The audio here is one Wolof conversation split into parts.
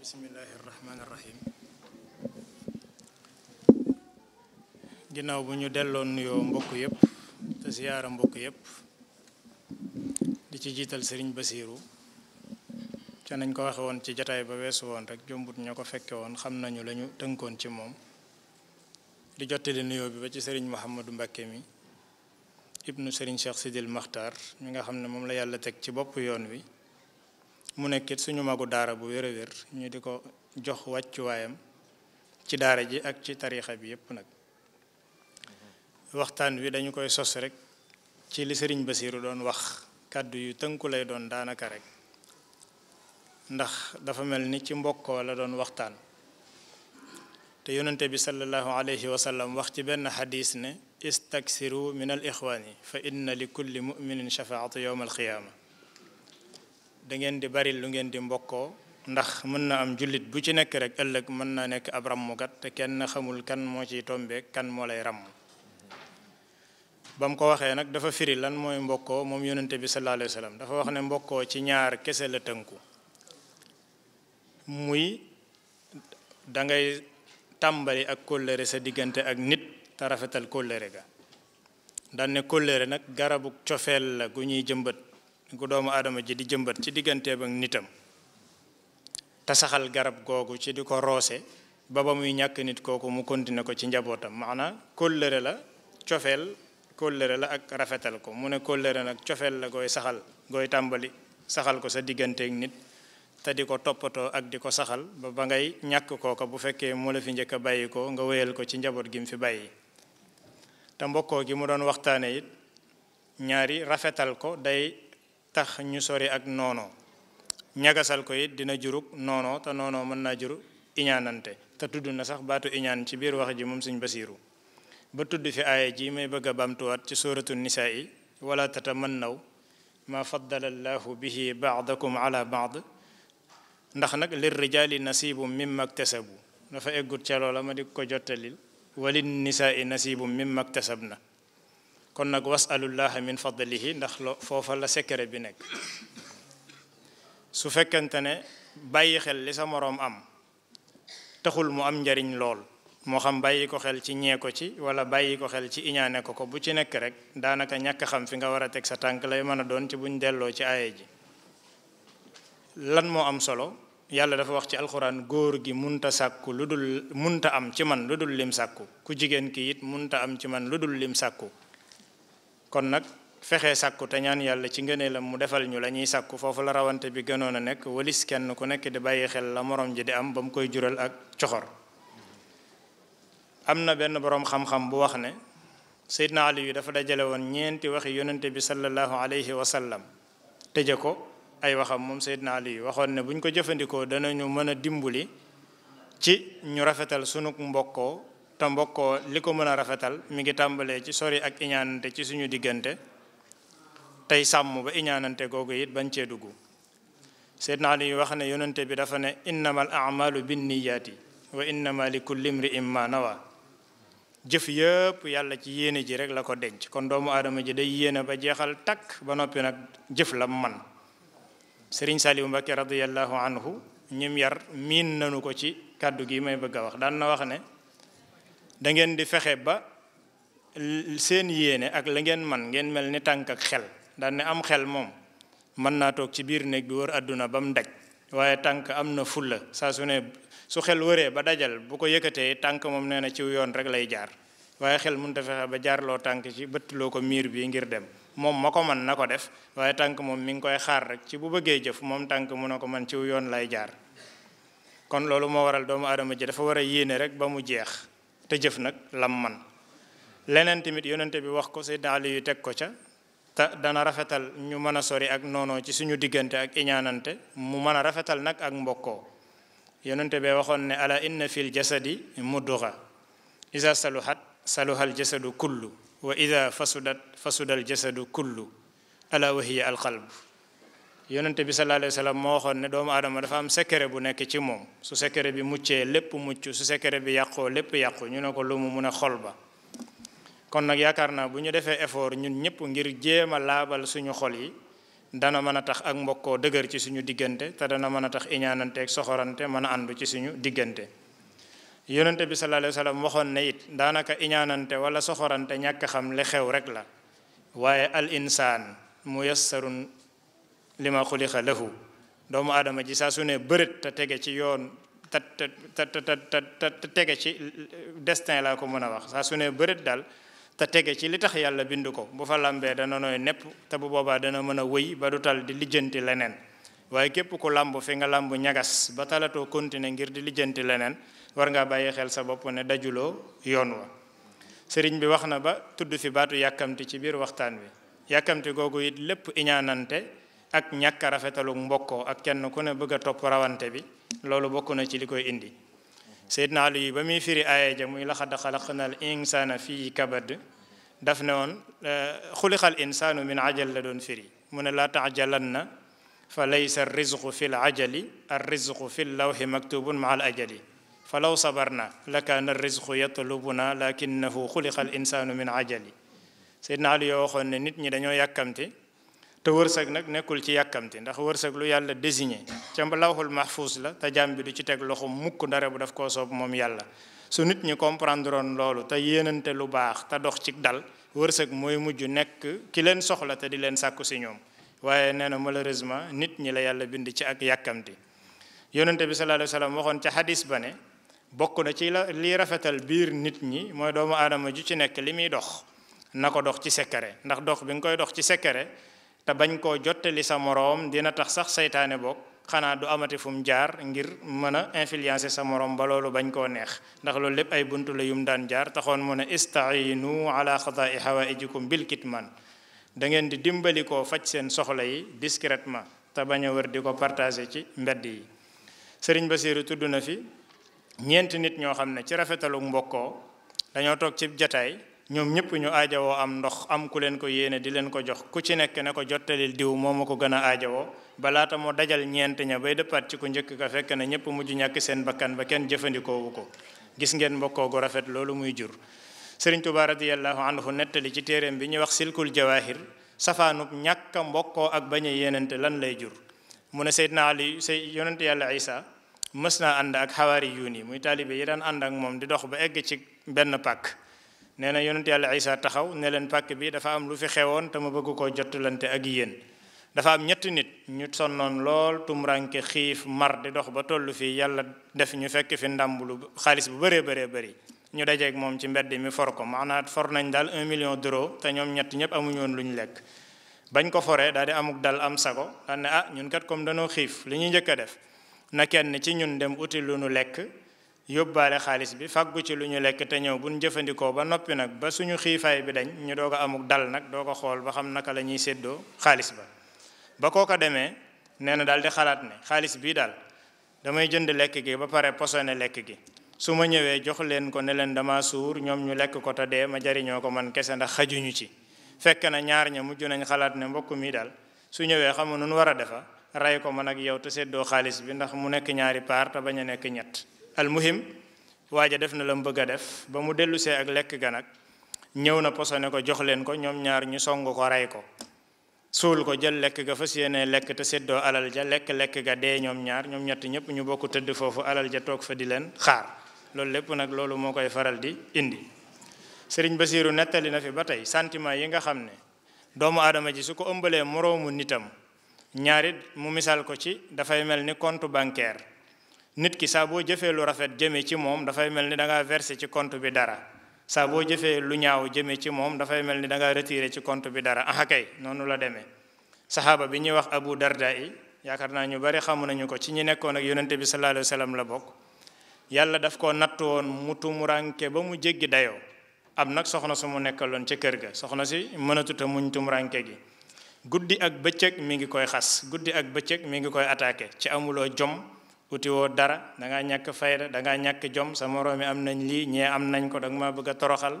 bismillahi irrahmaani irrahim ginnaaw bu ñu delloon nuyoo mbokk yépp te ziyaara mbokk yépp di ci jiital sëriñ basiiru ca nañ ko waxe woon ci jataay ba weesu woon rek jombut ñoo ko fekke woon xam nañu lañu tënkoon ci moom di jottali nuyoo bi ba ci sëriñ Mouhamadou Mbakke mi ibnu sëriñ Cheikh Sidil Maxtaar mi nga xam ne moom la yàlla teg ci bopp yoon wi mu nekkit suñu magu daara bu wéra wér ñu di ko jox wàccuwaayam ci daara ji ak ci tariixa bi yépp nag waxtaan wi dañu koy sos rek ci li sëriñ Basiiru doon wax kàddu yu tënku lay doon daanaka rek ndax dafa mel ni ci mbokkoo la doon waxtaan te yonente bi sallallahu alayhi wa wax ci benn xadis ne istaksiru min al ixwaani fa inna li kulli muminin shafaatu yowma alqiyaama dangeen di bari lu ngeen di mbokkoo ndax mën na am jullit bu ci nekk rek ëllëg mën na nekk ab rammukat te kenn xamul kan moo ciy tombee kan moo lay ramm ba mu ko waxee nag dafa firi lan mooy mbokkoo moom yonente bi sallallahu alayhi wa dafa wax ne mbokkoo ci ñaar kese la tënku muy dangay tàmbali ak kóllëre sa diggante ak nit te rafetal kóllëre ga daan ne kóllëre nag garabu cofeel la gu ñuy jëmbët gu doomu aadama ji di jëmbat ci diggante ba nitam te saxal garab googu ci di ko roose ba ba muy ñàkk nit kooku mu continuer ko ci njabootam maanaam kóllëre la cofeel kóllëre la ak rafetal ko mu ne kóllëre nag cofeel la gooy saxal gooy tàmbali saxal ko sa digganteek nit te di ko toppatoo ak di ko saxal ba ba ngay ñàkk kooka bu fekkee moo la fi njëkk bàyyi ko nga wéyal ko ci njaboot gi mu fi bàyyi te mbokkoo gi mu doon waxtaane it ñaari rafetal ko tax ñu sori ak noono ñagasal ko it dina jurug noono te noono mën naa juru iñaanante te tudd na sax baatu iñaan ci biir wax ji moom Sëriñ Basiiru ba tudd fi aaya ji may bëgg a ci suuratu nisaa yi wala tatamannaw ma faddala allahu bihi baadakum ala baad ndax nag lir rijaali nasibu mimma iktasabu dafa eggut ca ma di ko jottalil walin nisaa i nasibu mimma na kon nag wasalullaha min fadlihi ndax lo foofa la secret bi nekk su fekkente ne bàyyi xel li sa moroom am taxul mu am njariñ lool moo xam bàyyi ko xel ci ñee ko ci wala bàyyi ko xel ci iñaane ko ko bu ci nekk rek daanaka ñàkk xam fi nga war a teg sa tànk lay mën a doon ci buñ delloo ci aaya ji lan moo am solo yàlla dafa wax ci alxuraan góor gi munta sàkku lu dul munta am ci man lu dul lim sàkku ku jigéen ki it munta am ci man lu dul lim sàkku kon nag fexe sàkku te ñaan yàlla ci ngëneelam mu defal ñu la ñuy sàkku foofu la rawante bi gënoon a nekk walis kenn ku nekk di bàyyi xel la moroom ji di am ba mu koy jural ak coxor am na benn boroom xam-xam bu wax ne na Ali yu dafa dajale woon ñeenti waxi yonente bi sallallahu alayhi wa sallam tëje ko ay waxam moom na Ali yu waxoon ne buñ ko jëfandikoo danañu mën a dimbali ci ñu rafetal sunuk mbokkoo te mbokkoo li ko mën a rafetal mi ngi tàmbalee ci sori ak iñaanante ci suñu diggante tey sàmm ba iñaanante googu it bañ cee dugg Seydina Ali wax ne yonente bi dafa ne innama al amalu binniyaati wa innama li kulli imri'in ma jëf yëpp yàlla ci yéene ji rek la ko denc kon doomu aadama ji day yéene ba jeexal takk ba noppi nag jëf la man Sëriñ Saliou Mbacké radiyallahu anhu ñim yar miin nanu ko ci kàddu gi may bëgg a wax daan na wax ne da ngeen di fexe ba seen yéene ak la ngeen man ngeen mel ni tànk ak xel daan ne am xel moom mën naa toog ci biir néeg bi wër àdduna ba mu daj waaye tànk am na fulla saa su ne su xel wëree ba dajal bu ko yëkkatee tànk moom nee na ciw yoon rek lay jaar waaye xel mun a fexe ba jaarloo tànk ci bëttiloo ko miir bi ngir dem moom ma ko man na ko def waaye tànk moom mi ngi koy xaar rek ci bu bëggee jëf moom tànk mun ne ko man ciw yoon lay jaar kon loolu moo war a yéene rek ba mu jeex te jëf nag lam man leneen tamit yonente bi wax ko Seydina Ali yu teg ko ca te dana rafetal ñu mën a sori ak noonoo ci suñu diggante ak iñaanante mu mën a rafetal nag ak mbokkoo yonente bee waxoon ne ala inna fil jasadi mudduxa isa saluhat saluhal jasadu kullu wa ida fasudat fasudal jasadu kullu ala wahiya alqalb yonente bi sallallahu alayhi wa sallam moo waxoon ne doomu aadama dafa am secret bu nekk ci moom su secret bi muccee lépp mucc su secret bi yàqoo lépp yàqu ñu ne ko lu mu mun a xol ba kon nag yaakaar naa bu ñu defee effort ñun ñëpp ngir jéem a laabal suñu xol yi dana mën a tax ak mbokkoo dëgër ci suñu diggante te dana mën a tax iñaanante soxorante mën a àndu ci suñu diggante yonente bi sallallahu alayhi wa sallam waxoon ne it daanaka iñaanante wala soxorante ñàkk xam li xew rek la li ma xuliqa doomu aadama ji saa su ne bërët te tege ci yoon te te te te tege ci destin laa ko mën a wax saa su ne bërët daal te tege ci li tax yàlla bind ko bu fa lambee dana nooy nepp te bu boobaa dana mën a wëy ba du tal di lijjanti leneen waaye képp ku lamb fi nga lamb ñagas ba talatoo continuer ngir di lijjanti leneen war ngaa bàyyi xel sa bopp ne dajuloo yoon wa sëriñ bi wax na ba tudd fi baatu yàkkamti ci biir waxtaan wi yàkkamti googu it ak ñàkk a rafetalu ak kenn ku ne a topp rawante bi loolu bokk na ci li koy indi Seydina Ali ba mu firi aaya ja muy laxad xalaqnal insana fii kabad daf ne woon eh, xuliqal insaanu min ajal la doon firi mune ne la taajalanna fa laysa rizqu fi l ajali ma al ajali fa law sabarna lakaana rizqu yatlubuna lakinnahu xuliqal insaanu min ajali Seydina Ali yoo waxoon nit ñi dañoo yàkkamte te wërsëg nag nekkul ci yàkkamti ndax wërsëg lu yàlla désigné ca lawxul mahfuus la te jàmm bi du ci teg loxo mukk ndare bu daf koo soob moom yàlla su nit ñi comprendre woon loolu te yéenante lu baax te dox ci dal wërsëg mooy mujj nekk ki leen soxla te di leen sàkku si ñoom waaye nee na malheureusement nit ñi la yàlla bind ci ak yàkkamti yonente bi salaa alayhi wa waxoon ca xadiis ba ne bokk na ci la li rafetal biir nit ñi mooy doomu aadama ju ci nekk li muy dox na ko dox ci secret ndax dox te bañ koo jottali sa moroom dina tax sax seytaane bokk xanaa du amati fu mu jaar ngir mën a influencer sa moroom ba loolu bañ koo neex ndax loolu lépp ay buntu la yum daan jaar taxoon mu ne istainu ala xadaai hawaijikum bil kitman man dangeen di dimbali koo faj seen soxla yi discrètement te bañ a wër di ko partager ci mbedd yi sëriñ Basiiru tudd na fi ñeenti nit ñoo xam ne ci rafetalu mbokkoo dañoo toog ci jataay ñoom ñëpp ñu aajawoo am ndox am ku leen ko yéene di leen ko jox ku ci nekk ne ko jottalil diw moom ma ko gën a aajawoo balaata moo dajal ñeent ña bay dëppaat ci ku njëkk ka fekk na ñëpp mujj ñàkk seen bakkan ba kenn jëfandikoowu ko gis ngeen mbokkoo gu rafet loolu muy jur sëriñ Tuubaa radiyallahu anhu nettali ci téeréem bi ñuy wax silkul jawahir safaanub ñàkk a mbokkoo ak bañ a yéenante lan lay jur mu ne Seydina Ali say yonent yàlla Isa mës naa ànd ak xawaari yuun yi muy taalibe yi daan ànd ak moom di dox ba egg ci benn pàkk nee na yonent yàlla Isa taxaw ne leen pàkk bi dafa am lu fi xewoon te ma bëgg koo jottalante ak yéen dafa am ñetti nit ñu sonnoon lool tumuraanke xiif mar di dox ba tollu fii yàlla def ñu fekk fi ndàmb lu xaalis bu bëree bëree bëri ñu dajeeg moom ci mbedd mi for ko maanaam for nañ daal un million d'euros te ñoom ñett ñëpp amuñu woon lu ñu lekk bañ ko foree daal di amuk dal am sago daal ah ñun kat comme danoo xiif li ñuy njëkk a def na kenn ci ñun dem uti lu nu lekk yóbbaale xaalis bi fàggu ci lu ñu lekk te ñëw buñ jëfandikoo ba noppi nag ba suñu xiifaay bi dañ ñu doog a amuk dal nag doog a xool ba xam naka la ñuy séddoo xaalis ba ba kooka demee nee na daal di xalaat xaalis bii daal damay jënd lekk gi ba pare posone lekk gi su ma ñëwee jox leen ko ne leen suur ñoom ñu lekk ko te dee ma jariñoo ko man kese ndax xajuñu ci fekk na ñaar ña mujj nañ xalaat ne mbokk mi daal su ñëwee xamu nun war a defa ray ko man ak yow te séddoo xaalis bi ndax mu nekk ñaari paar te bañ a nekk ñett almuhim waaja def na la mu bëgg a def ba mu dellusee ak lekk ga nag ñëw na posone ko jox leen ko ñoom ñaar ñu song ko rey ko suul ko jël lekk ga fas yéene lekk te séddoo alal ja lekk-lekk ga dee ñoom ñaar ñoom ñett ñëpp ñu bokk tëdd foofu alal ja toog fa di leen xaar loolu lépp nag loolu moo koy faral di indi sëriñ Basiiru nettali na fi ba tey santiment yi nga xam ne doomu aadama ji su ko ëmbalee moroomu nitam ñaarit mu misaal ko ci dafay mel ni compte bancaire nit ki saa boo jëfee lu rafet jëmee ci moom dafay mel ni danga ngaa ci compte bi dara saa boo jëfee lu ñaaw jëmee ci moom dafay mel ni danga ngaa ci compte bi dara ah kay noonu la demee. saxaaba bi ñuy wax Abu Darda yaakaar naa ñu bari xamu nañu ko ci ñu nekkoon ak yonente bi sallallahu alayhi la bokk yàlla daf ko natt woon mu tumuranke ba mu jéggi dayoo am nag soxna su mu nekkaloon ca kër ga soxna si mënatuta muñ tumuranke gi. guddi ak bëcc mi ngi koy xas guddi ak bëccëg mi ngi koy attaqué ci amuloo jom. uti woo dara da ngaa ñàkk fayda da ngaa ñàkk jom sa moroom yi am nañ lii ñee am nañ ko da ma bëgg a toroxal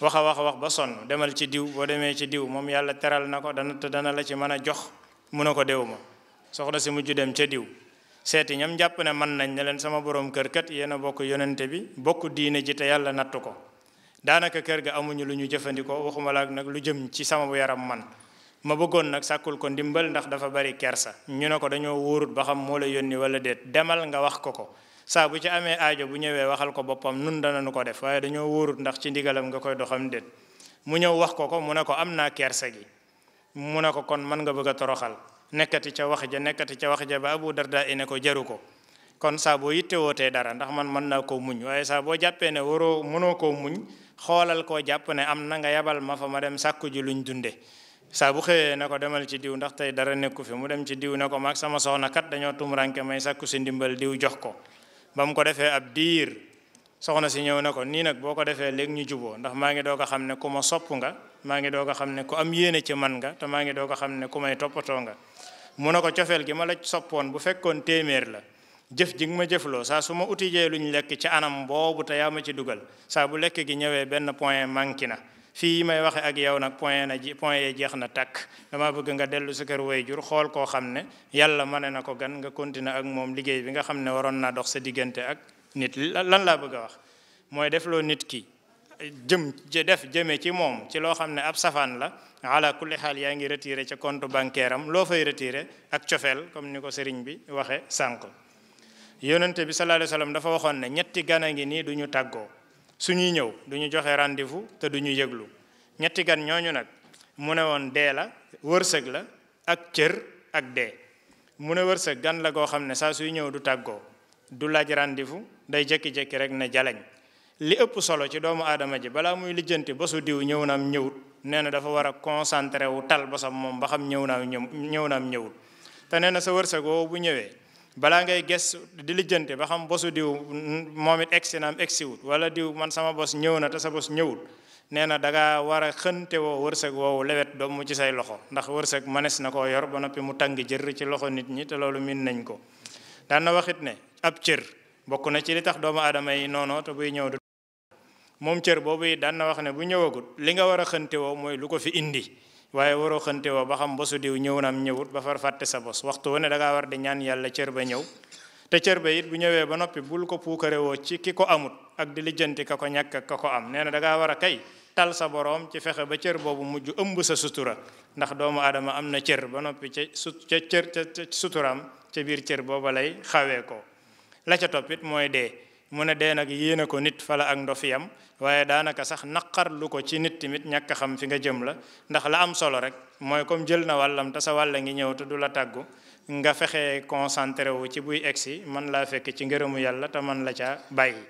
wax a wax a wax ba sonn demal ci diw boo demee ci diw moom yàlla teral na ko dana te dana la ci mën a jox mu ne ko dew ma soxna si mujj dem ca diw seeti ñam jàpp ne mën nañ ne leen sama borom kër kat yéen a bokk yonente bi bokk diine ji te yàlla natt ko daanaka kër ga amuñu lu ñu jëfandikoo waxuma laak nag lu jëm ci sama yaram man ma bëggoon nag sàkkul ko ndimbal ndax dafa bari kersa ñu ne ko dañoo wóorut ba xam moo la yónni wala déet demal nga wax ko ko saa bu ci amee aajo bu ñëwee waxal ko boppam nun danañu ko def waaye dañoo wóorut ndax ci ndigalam nga koy doxam déet mu ñëw wax ko ko mu ne ko am naa kersa gi mu ne ko kon mën nga bëgg a toroxal nekkati ca wax ja nekkati ca wax ja ba Abu Darda ine ko jaru ko kon saa boo yitte wootee dara ndax man mën naa ko muñ waaye saa boo jàppee ne waroo mënoo koo muñ xoolal koo jàpp ne am na nga yabal ma fa ma dem sàkku ji luñ dunde saa bu xëyee na ko demal ci diw ndax tey dara nekku fi mu dem ci diw na ko maak sama soxna kat dañoo tumuranke may sàkku si ndimbal diw jox ko ba mu ko defee ab diir soxna si ñëw na ko nii nag boo ko defee léegi ñu juboo ndax maa ngi doog ko xam ne ku ma sopp nga maa ngi doog a xam ne ku am yéene ci man nga te maa ngi doog a xam ne ku may toppatoo nga mu ne ko cofeel gi ma la soppoon bu fekkoon téeméer la jëf ji ma jëfloo saa su ma utijee lu ñu lekk ci anam boobu te yaa ma ci dugal saa bu lekk gi ñëwee benn point manqué na fii may waxe ak yow nag point na point yee jeex na tàkk dama bëgg nga dellu sa kër jur xool koo xam ne yàlla mane na ko gan nga continuer ak moom liggéey bi nga xam ne waroon naa dox sa diggante ak nit lan laa bëgg a wax mooy def loo nit ki jëm def jëme ci moom ci loo xam ne ab safaan la ala kulli xaal yaa ngi retiré ca compte banqueram loo fay retiré ak cofeel comme ni ko sëriñ bi waxe sànq yonente bi sallallahu alayhi wasallam dafa waxoon ne ñetti gana ngi nii du ñu tàggoo suñuy ñëw duñu joxe rendez-vous te duñu yëglu ñetti gan ñooñu nag mu ne woon dee la wërsëg la ak cër ak dee mu ne wërsëg gan la goo xam ne saa suy ñëw du tàggoo du laaj rendez day jékki-jékki rek ne jalañ li ëpp solo ci doomu aadama ji balaa muy lijjanti bosu diw ñëw naam ñëwut nee na dafa war a concentré wu tal bosam moom ba xam ñëw naam ñëw ñëwut te nee na sa wërsëg woowu bu ñëwee balaa ngay ges di lijjante ba xam bosu diw moom it egsi na am egsi wut wala diw man sama bos ñëw na te sa bos ñëwul nee na dangaa war a xënte woo wërsëg woowu lewet doom mu ci say loxo ndax wërsëg mënees na koo yor ba noppi mu tàng jër ci loxo nit ñi te loolu min nañ ko daan na waxit ne ab cër bokk na ci li tax doomu aadama yi noonoo te buy ñëw du moom cër boobu yi daan na wax ne bu ñëwagut li nga war a xënte woo mooy lu ko fi indi waaye waroo xante woo ba xam bosu diw ñëw na am ñëwut ba far fàtte sa bos waxtu wu ne dangaa war di ñaan yàlla cër ba ñëw te cër ba it bu ñëwee ba noppi bul ko puukarewoo ci ki ko amut ak di lijjanti ka ko ñàkk ak ka ko am nee na dangaa a kay tal sa boroom ci fexe ba cër boobu mujj ëmb sa sutura ndax doomu aadama am na cër ba noppi ca su ca cër ca suturaam ca biir cër booba lay xawee ko la ca toppit mooy dee mu ne dee nag yéene ko nit fala ak ndof yam waaye daanaka sax naqar lu ko ci nit tamit ñàkk xam fi nga jëm la ndax la am solo rek mooy comme jël na wàllam te sa wàlla ngi ñëw te du la tàggu nga fexe concentré wu ci buy egsi man laa fekk ci ngërëmu yàlla ta man la caa bàyyi.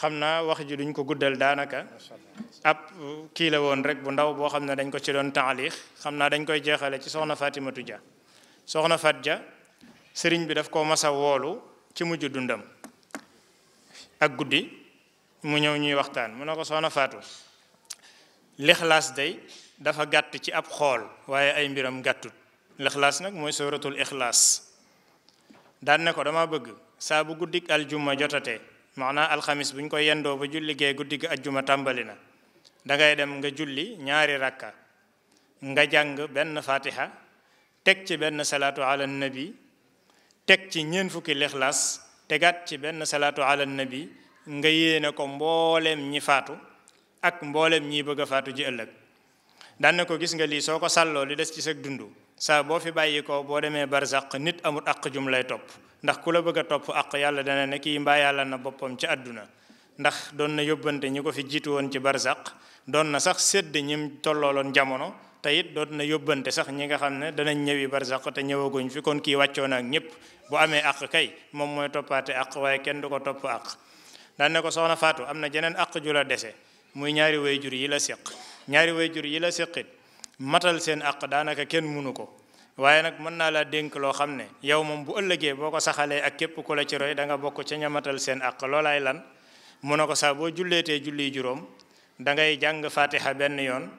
xam naa wax ji duñ ko guddal daanaka ab kii la woon rek bu ndaw boo xam ne dañ ko ci doon taalix xam naa dañ koy jeexale ci soxna Fatimatu Ja soxna Fat Ja sëriñ bi daf koo masa woolu ci mujj dundam. ak guddi mu ñëw ñuy waxtaan mu na ko soxna Faatu lixlaas day dafa gàtt ci ab xool waaye ay mbiram gàttu lixlaas nag mooy sooratul ixlaas daan ne ko dama bëgg saa bu guddik aljuma jotatee maanaa alxamis bu ñu koy yendoo ba julli liggéey guddi gi aljuma tàmbali na dangay dem nga julli ñaari rakka nga jàng benn fatiha teg ci benn salaatu ala nabi teg ci ñeen fukki lixlaas tegaat ci benn salaatu ala nabi nga yéene ko mbooleem ñi faatu ak mboolem ñi bëgg a faatu ji ëllëg daan ko gis nga lii soo ko sàlloo li des ci sag dundu saa boo fi bàyyi ko boo demee barzaq nit amul àq jum lay topp ndax ku la bëgg a topp àq yàlla dana ne kii mbaa yàlla na boppam ci àdduna ndax doon na yóbbante ñi ko fi jiitu woon ci barzaq doon na sax sédd ñim tollooloon jamono te it doot na yóbbante sax ñi nga xam ne danañ ñëwi barzaq te ñëwaguñ fi kon kii wàccoo na ñëpp bu amee àq kay moom mooy toppaate àq waaye kenn du ko topp àq daan ne ko soxna Faatu am na jeneen àq ju dese muy ñaari way jur yi la séq ñaari way jur yi la séqit matal seen àq daanaka kenn munu ko waaye nag mën naa la dénk loo xam ne yow moom bu ëllëgee boo ko saxalee ak képp ku la ci roy da nga bokk ca matal seen àq loolaay lan mun ne ko sax boo julleetee julli juróom da ngay jàng fatiha benn yoon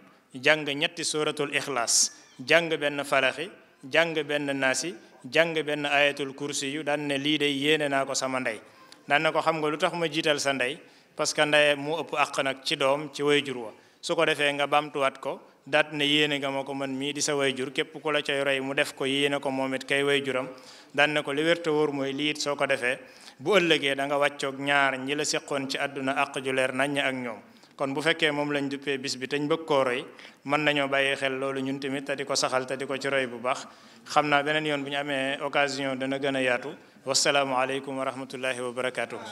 jàng ñetti soratul ixlaas jàng benn falaxi jàng benn naasi jàng benn ayatul kursi yu daan ne lii de yéene naa ko sama ndey daan ne ko xam nga lu tax ma jiital sa ndey parce que ndey mu ëpp àq nag ci doom ci wayjur wa su ko defee nga bamtuwaat ko daat ne yéene nga ma ko man mii di sa wayjur képp ku la cay roy mu def ko yéene ko moom it kay wayjuram daan ne ko li wérta wóor mooy lii soo ko defee bu ëllëgee da nga wàccoog ñaar ñi la seqoon ci àdduna àq ju leer naññ ak ñoom kon bu fekkee moom lañ duppee bis bi teñ bëgg koo roy mën nañoo bàyyi xel loolu ñun tamit te di ko saxal te ko ci roy bu baax xam naa beneen yoon bu ñu amee occasion dana gën a yaatu wasalaamualeykum wa rahmatullahi wa barakaatuhu.